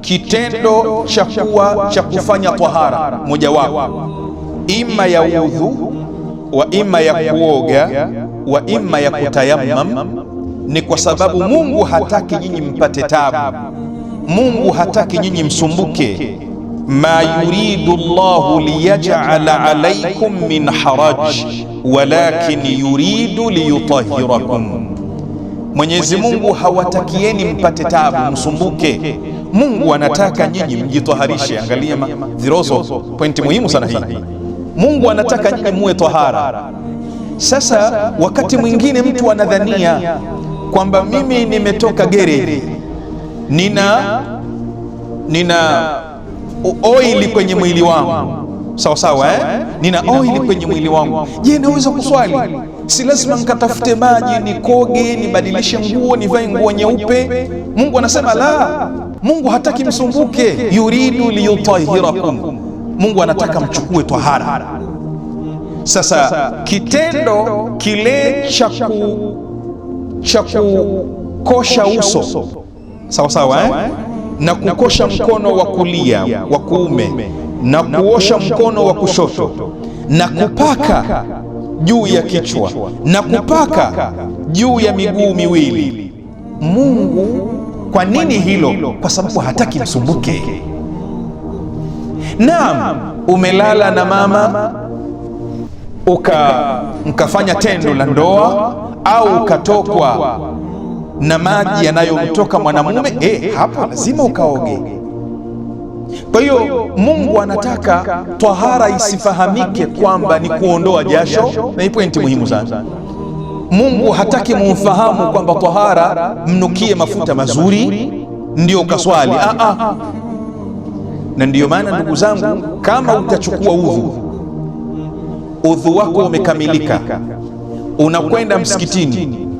kitendo cha kuwa cha kufanya tahara mojawapo, ima ya udhu wa imma ya kuoga wa imma ya kutayammam, ni kwa sababu Mungu hataki nyinyi mpate tabu, Mungu hataki nyinyi msumbuke. Ma yuridu llahu liyaj'ala alaykum min haraj walakin yuridu liyutahhirakum Mwenyezi Mungu hawatakieni mpate tabu, msumbuke. Mungu anataka nyinyi mjitoharishe Angalia dhiroso, pointi muhimu sana hii. Mungu anataka nyinyi muwe tohara Sasa wakati mwingine mtu anadhania kwamba mimi nimetoka gereji, nina nina oili kwenye mwili wangu sawa eh? sawa, eh? Nina oili kwenye mwili wangu. Je, naweza kuswali? Si lazima nikatafute maji, nikoge, nibadilishe nguo, nivae nguo nyeupe? Mungu anasema la, Mungu hataki msumbuke. Yuridu liyutahirakum, Mungu anataka mchukue tahara. Sasa kitendo kile cha kukosha uso sawa sawa, eh? eh? na kukosha mkono wa kulia wa kuume na kuosha mkono wa kushoto na kupaka juu ya kichwa na kupaka juu ya miguu miwili. Mungu, kwa nini hilo? Kwa sababu hataki msumbuke. Naam, umelala na mama uka mkafanya tendo la ndoa au ukatokwa na maji yanayomtoka mwanamume, eh, eh hapo lazima ukaoge. Kwa hiyo Mungu anataka tahara isifahamike kwamba ni kuondoa jasho, na hii pointi muhimu sana. Mungu hataki mumfahamu kwamba tahara mnukie mafuta mazuri ndio ukaswali. Ah, ah. Na ndiyo maana ndugu zangu, kama utachukua udhu, udhu wako umekamilika, unakwenda msikitini